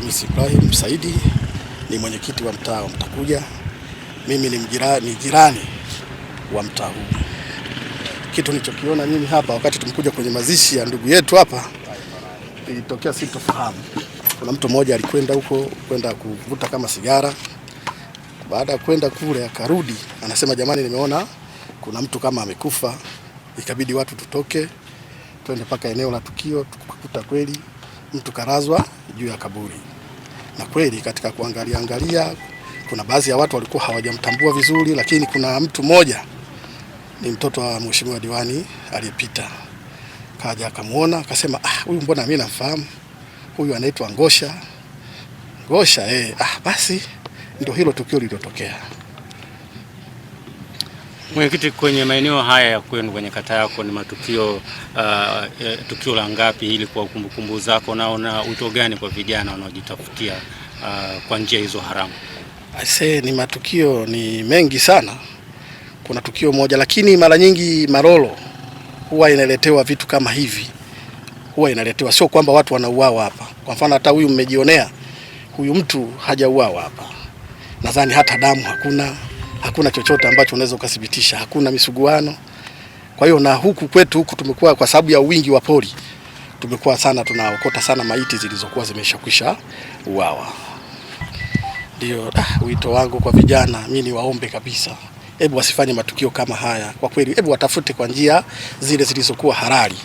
Misi Ibrahim Saidi ni mwenyekiti wa mtaa wa Mtakuja. Mimi ni mjirani, jirani wa mtaa huu. Kitu nilichokiona mimi hapa wakati tumekuja kwenye mazishi ya ndugu yetu hapa, ilitokea sintofahamu. Kuna mtu mmoja alikwenda huko kwenda kuvuta kama sigara baada ya kwenda kule akarudi, anasema jamani, nimeona kuna mtu kama amekufa. Ikabidi watu tutoke twende mpaka eneo la tukio, tukakuta kweli mtu karazwa juu ya kaburi, na kweli katika kuangalia angalia kuna baadhi ya watu walikuwa hawajamtambua vizuri, lakini kuna mtu mmoja ni mtoto wa mheshimiwa diwani aliyepita, kaja akamuona, akasema ah, huyu mbona mimi namfahamu, huyu anaitwa Ngosha Ngosha eh, ah basi ndio hilo tukio lililotokea. Mwenyekiti, kwenye maeneo haya ya kwenu kwenye kata yako ni matukio uh, eh, tukio la ngapi, ili kwa kumbukumbu zako, na una wito gani kwa vijana wanaojitafutia uh, kwa njia hizo haramu? Ase, ni matukio ni mengi sana, kuna tukio moja, lakini mara nyingi Malolo huwa inaletewa vitu kama hivi, huwa inaletewa, sio kwamba watu wanauawa hapa. Kwa mfano hata huyu mmejionea, huyu mtu hajauawa hapa nadhani hata damu hakuna, hakuna chochote ambacho unaweza ukathibitisha, hakuna misuguano. Kwa hiyo na huku kwetu huku tumekuwa kwa sababu ya wingi wa pori tumekuwa sana tunaokota sana maiti zilizokuwa zimeshakwisha uawa. Ndio wito wangu kwa vijana, mimi niwaombe kabisa, hebu wasifanye matukio kama haya. Kwa kweli, hebu watafute kwa njia zile zilizokuwa halali,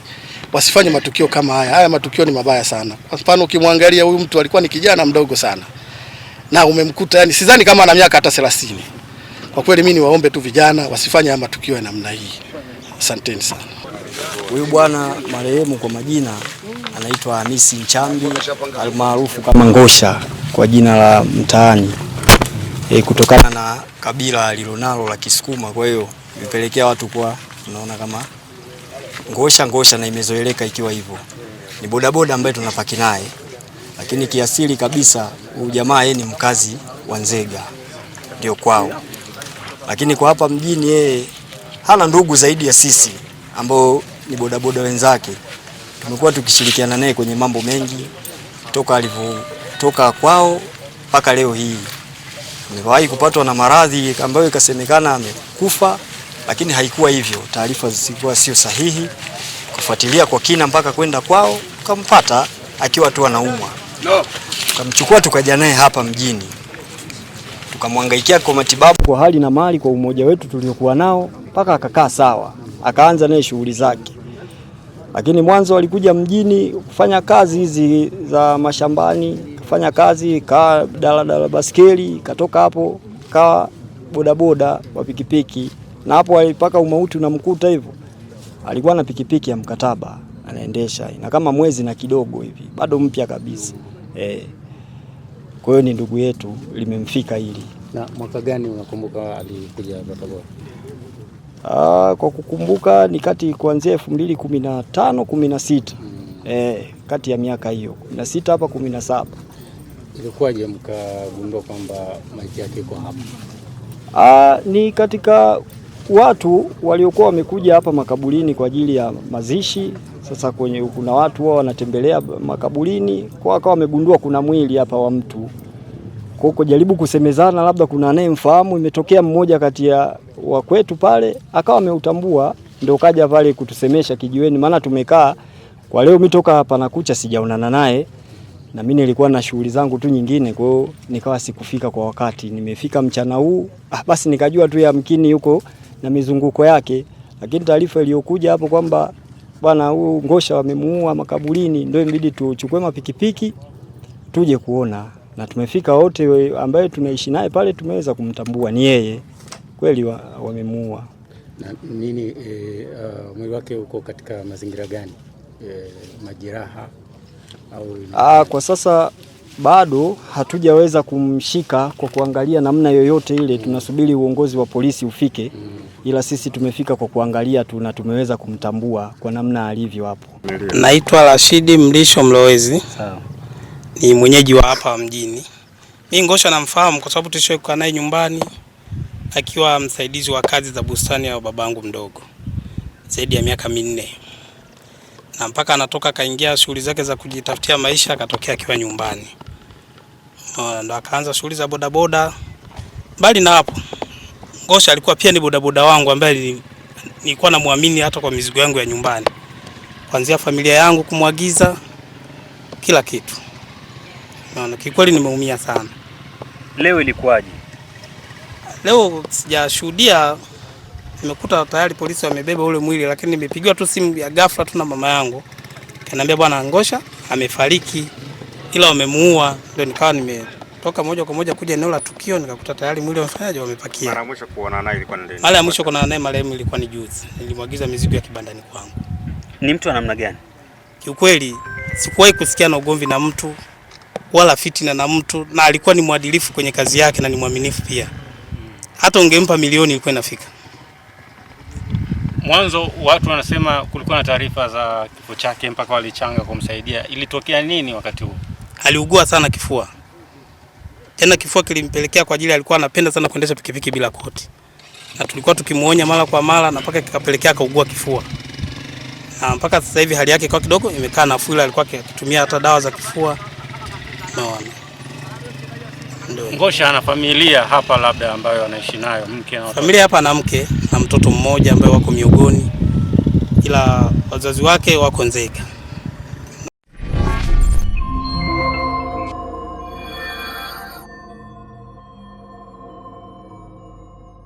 wasifanye matukio kama haya. Haya matukio ni mabaya sana. Kwa mfano, ukimwangalia huyu mtu alikuwa ni kijana mdogo sana na umemkuta yani, sidhani kama ana miaka hata 30. Kwa kweli mimi niwaombe tu vijana wasifanye matukio ya namna hii. Asanteni sana. Huyu bwana marehemu kwa majina anaitwa Hamisi Nchambi almaarufu kama Ngosha kwa jina la mtaani, e, kutokana na kabila alilonalo la Kisukuma, kwa hiyo imepelekea watu kwa tunaona kama Ngosha Ngosha, na imezoeleka ikiwa hivyo. Ni bodaboda ambaye tunapaki naye lakini kiasili kabisa huyu jamaa yeye ni mkazi wa Nzega, ndio kwao, lakini kwa hapa mjini yeye hana ndugu zaidi ya sisi ambao ni bodaboda wenzake. Tumekuwa tukishirikiana naye kwenye mambo mengi toka alivyotoka kwao mpaka leo hii. Niliwahi kupatwa na maradhi ambayo ikasemekana amekufa, lakini haikuwa hivyo, taarifa zilikuwa sio sahihi. Kufuatilia kwa kina mpaka kwenda kwao, ukampata akiwa tu anaumwa. No. Tukamchukua tukaja naye hapa mjini tukamwangaikia kwa matibabu kwa hali na mali, kwa umoja wetu tuliokuwa nao, mpaka akakaa sawa, akaanza naye shughuli zake. Lakini mwanzo alikuja mjini kufanya kazi hizi za mashambani, kufanya kazi kaa daladala, basikeli, katoka hapo kaa bodaboda wa pikipiki, na hapo alipaka umauti unamkuta hivyo. Alikuwa na pikipiki ya mkataba anaendesha, na kama mwezi na kidogo hivi, bado mpya kabisa. Eh, kwa hiyo ni ndugu yetu, limemfika hili. Na mwaka gani unakumbuka alikuja Tabora? Ah, kwa kukumbuka ni kati kuanzia elfu mbili kumi na tano kumi na sita mm. eh, kati ya miaka hiyo kumi na sita hapa kumi na saba Ilikuwaje mkagundua kwamba maiti yake iko hapa? Ah, ni katika watu waliokuwa wamekuja hapa makaburini kwa ajili ya mazishi. Sasa kwenye kuna watu wao wanatembelea makaburini kwa akawa wamegundua kuna mwili hapa wa mtu kwa huko, jaribu kusemezana, labda kuna anayemfahamu. Imetokea mmoja kati ya wakwetu pale akawa ameutambua, ndio kaja pale kutusemesha kijiweni, maana tumekaa kwa leo, mimi toka hapa na kucha sijaonana naye na mimi nilikuwa na shughuli zangu tu nyingine, kwa hiyo nikawa sikufika kwa wakati. Nimefika mchana huu, ah, basi nikajua tu yamkini yuko na mizunguko yake, lakini taarifa iliyokuja hapo kwamba bwana huyu ngosha wamemuua makaburini, ndio inabidi tuchukue mapikipiki tuje kuona, na tumefika wote, ambaye tunaishi naye pale tumeweza kumtambua ni yeye kweli wamemuua. Na nini e, uh, mwili wake uko katika mazingira gani? E, majeraha au aa, kwa sasa bado hatujaweza kumshika kwa kuangalia namna yoyote ile, tunasubiri uongozi wa polisi ufike mm ila sisi tumefika kwa kuangalia tu na tumeweza kumtambua kwa namna alivyo hapo. Naitwa Rashidi Mlisho Mlowezi. Sawa. Ni mwenyeji wa hapa mjini. Mimi Ngosha namfahamu kwa sababu tulishokuwa naye nyumbani akiwa msaidizi wa kazi za bustani ya babangu mdogo zaidi ya miaka minne, na mpaka anatoka akaingia shughuli zake za kujitafutia maisha, akatokea akiwa nyumbani, ndo akaanza shughuli za bodaboda. Mbali na hapo Ngosha alikuwa pia ni bodaboda wangu ambaye nilikuwa namwamini hata kwa mizigo yangu ya nyumbani, kuanzia familia yangu kumwagiza kila kitu. Naona kikweli nimeumia sana. Leo ilikuwaje? Leo sijashuhudia, nimekuta tayari polisi wamebeba ule mwili, lakini nimepigiwa tu simu ya ghafla tu na mama yangu, kaniambia bwana Ngosha amefariki, ila wamemuua. Ndio nikawa nime kutoka moja kwa moja kuja eneo la tukio nikakuta tayari mwili wa mfanyaji wamepakia. Mara mwisho kuona naye ilikuwa ni lini? Mara mwisho kuona naye marehemu ilikuwa ni juzi, nilimwagiza mizigo ya kibandani kwangu. Ni mtu wa namna gani? Kiukweli sikuwahi kusikia na ugomvi na mtu wala fitina na mtu, na alikuwa ni mwadilifu kwenye kazi yake na ni mwaminifu pia. Hata ungempa milioni ilikuwa inafika. Mwanzo watu wanasema kulikuwa na taarifa za kifo chake mpaka walichanga kumsaidia. Ilitokea nini wakati huo? Aliugua sana kifua tena kifua kilimpelekea kwa ajili alikuwa anapenda sana kuendesha pikipiki bila koti. Na tulikuwa tukimuonya mara kwa mara na mpaka kikapelekea akaugua kifua. Na mpaka sasa hivi hali yake kwa kidogo imekaa nafuu, ila alikuwa akitumia hata dawa za kifua. Naona. Ngosha ana familia hapa labda ambayo anaishi nayo mke na familia hapa na mke na mtoto mmoja ambaye wako miogoni, ila wazazi wake wako Nzega.